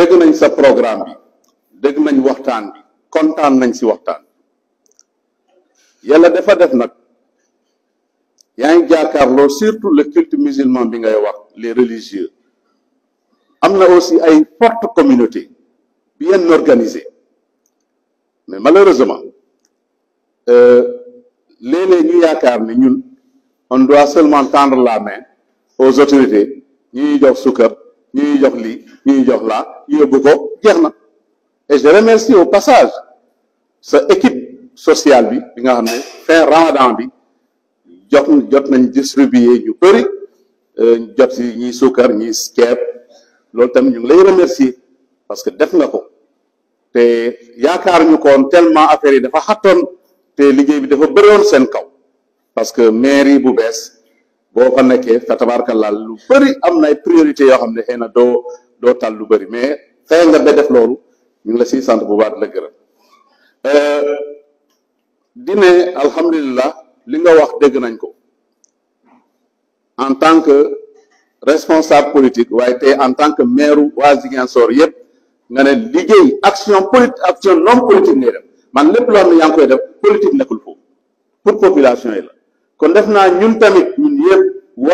dégg nañ sa programme bi dégg nañ waxtaan bi kontaan nañ si waxtaan yàlla dafa def nag yaa ngi jàkkaarloo surtout le culte musulman bi ngay wax les religieux am na aussi ay forte communauté bien organisée mais malheureusement euh, léeg-léeg ñu yaakaar ni ñun on doit seulement tendre la main aux autorités ñu ñuy jox sukkar ñuy jox lii ñuy jox laa ko jeex na et je remercie au passage sa équipe sociale bi bi nga xam ne fin ramadan bi jot jot nañ distribuer ñu bëri euh, jot si ñuy suukar ñuy ceeb loolu tamit ñu ngi lañu remercier parce que def nga ko te yaakaar ñu koon tellement affaire yi dafa xattoon te liggéey bi dafa bëriwoon seen kaw parce que mairie bu bees boo fa nekkee fa tabaarkalla lu bëri am na ay priorité yoo xam ne xëy na doo doo tal lu bari mais fexe nga ba def loolu ñu ngi la siy sant bu baax di la gërëm euh, di ne alhamdulilah li nga wax dëgg nañ ko en tant que responsable politique waaye te en tant que maire waa Ziguinchor yëpp nga ne liggéey action politique action non politique ngay def man lépp loo xam ne yaa ngi koy def politique nekkul foofu pour population yi la kon def naa ñun tamit.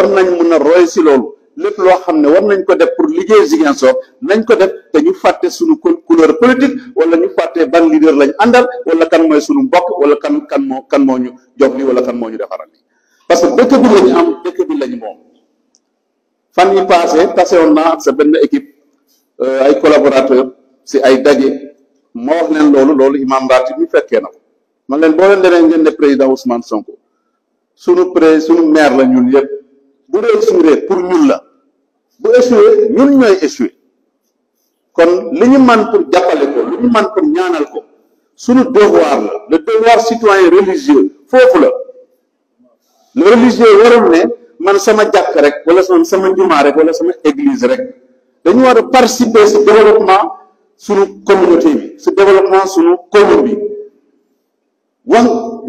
war nañ mun a roy si loolu lépp loo xam ne war nañ ko def pour liggéey Ziguinchor nañ ko def te ñu fàtte suñu couleur politique wala ñu fàtte ban leader lañ àndal wala kan mooy suñu mbokk wala kan kan moo kan moo ñu jox li wala kan moo ñu defaral li parce que dëkk bi lañu am dëkk bi lañu moom fan yi passé tasewoon naa ak sa benn équipe euh, ay collaborateur si ay daje ma wax leen loolu loolu imam ratib ñu fekkee na ko man leen boo leen demee leen ne président Ousmane Sonko sunu pré sunu maire la ñun yëpp bu réussir pour ñun la bu échoué ñun ñooy échoué kon li ñu man pour jàppale ko li ñu man pour ñaanal ko suñu devoir la le devoir citoyen religieux foofu la le religieux warul ne man sama jàkk rek walla sama sama njumaa rek wala sama église rek dañu war a participer si développement suñu communauté bi si développement suñu commune bi wan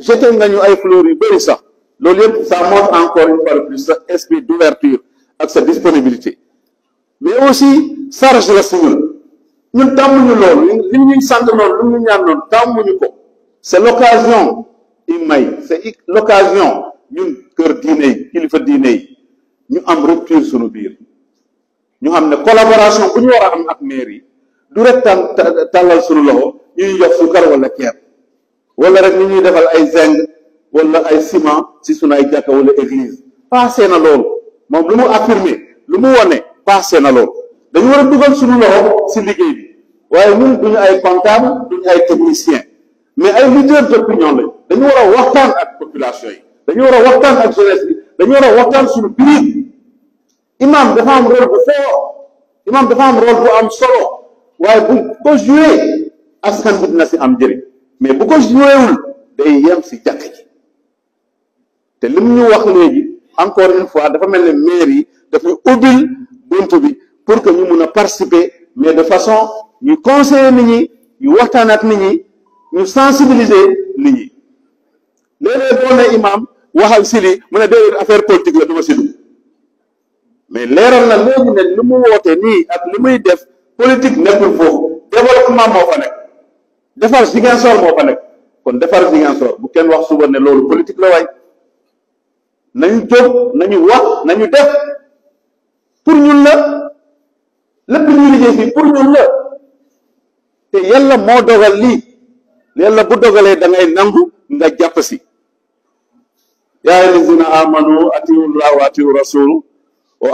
jeté nga ñu ay fleurs yu bëri sax loolu yëpp ça montre encore une fois de plus sa esprit d'ouverture ak sa disponibilité mais aussi charge la suñu ñun tàmmuñu loolu li ñu sant noonu lu ñu ñaan noonu tàmmuñu ko c'est l'occasion i may c'est l'occasion ñun kër diine yi kilifa diine yi ñu am rupture sunu biir ñu xam ne collaboration bu ñu war a am ak maire yi du rek tàn tàllal sunu loxo ñuy su sukar wala ceeb wala rek ñu ñuy defal ay zeng wala ay ciment si sunu ay jàkka wala église passé na loolu moom lu mu affirmé lu mu wane passé na loolu dañu war a dugal sunu loxo si liggéey bi waaye ñun duñu ay comptable duñu ay technicien mais ay leader d'opinion lañ dañu war a waxtaan ak population yi dañu war a waxtaan ak jeunesse bi dañu war waxtaan suñu biir imam dafa am rôle bu fort imam dafa am rôle bu am solo waaye bu ko joué askan bi dina si am njëriñ mais bu ko jouéwul day yem si jàkk ji te li mu ñu wax léegi encore une fois dafa mel ne maire yi daf ñu ubbil bunt bi pour que ñu mun a participer mais de façon ñu conseiller nit ñi ñu waxtaan ak nit ñi ñu sensibiliser nit ñi léeg-léeg boo ne imaam waxal si lii mu ne déedéet affaire politique la duma si dugg mais leeral na léegi ne li mu woote nii ak li muy def politique nekkul foofu développement moo fa nekk defar Ziguinchor moo fa nekk kon defar Ziguinchor bu kenn wax suba ne loolu politique la waay nañu jóg nañu wax nañu def pour ñun la lépp ñuy liggéey fii pour ñun la te yàlla moo dogal lii yàlla bu dogalee dangay ngay nangu nga jàpp si yaa ayyuhallazina amanu atiu llaha wa atiu rasulu wa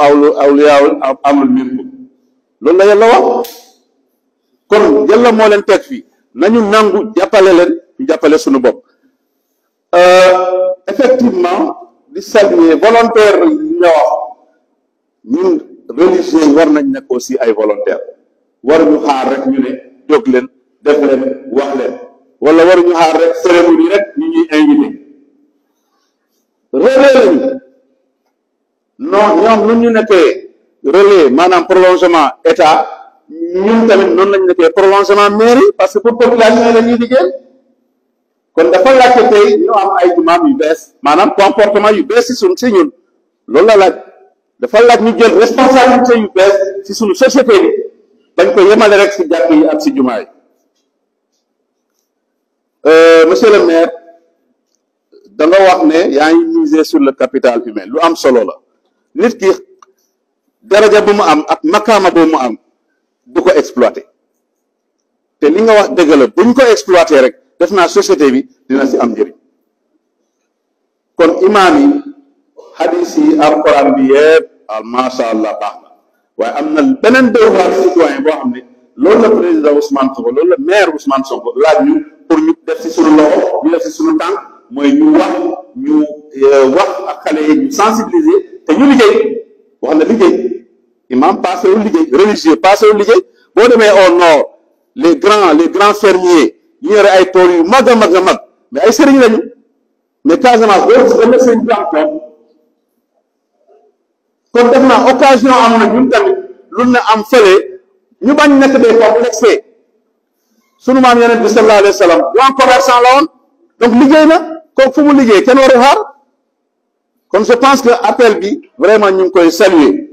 awliyaa'ul amri minkum loolu la yàlla wax kon yàlla moo leen teg fii nañu nangu jàppale leen jàppale suñu bopp euh, effectivement di saluer volontaire yi nga wax ñun religieux war nañ nekk aussi ay volontaire waruñu xaar rek ñu ne jóg leen def leen wax leen wala waruñu xaar rek cérémonie rek ñu ñuy invité relais lañu non ñoom nun ñu nekkee relais maanaam prolongement état ñun tamit noonu lañ nekkee prolongement mairie parce que pour population la ñuy liggéey kon dafa laajte tey ñu am ay imaam yu bees maanaam comportement yu bees si suñ si ñun loolu la laaj dafa laaj ñu jël responsabilité yu bees si suñu société bi bañ ko yemale rek si jàkk yi ak si jumaay yi euh, monsieur le maire da nga wax ne yaa ngi miser sur le capital humain lu am solo la nit ki daraja bu mu am ak makaama bu mu am du ko exploité te li nga wax dëgg la buñ ko exploité rek def naa société bi dina si am njëriñ kon imaam yi xadis yi alquran bi macha allah baax na waaye am na beneen devoir citoyen boo xam ne loolu la président Ousmane Sonko loolu la maire Ousmane Sonko laaj ñu pour ñu def si suñu loxo ñu def si suñu tànk mooy ñu wax ñu euh, wax ak xale yi ñu sensibiliser te ñu liggéey wax na liggéey imam passé wu liggéey religieux boo demee o nord les grands les grands fermiers ñu yore ay tool yu mag a mag a mag mais ay sëriñ lañu mais Casamance boo gis dama sëriñ bi am tool kon def na occasion am na ñun tamit lu na am fële ñu bañ nekk des complexé sunu maam yonent bi sallallahu alayhi wa donc liggéey na kooku fu mu liggéey kenn waru xaar kon je pense que appel bi vraiment ñu ngi koy saluer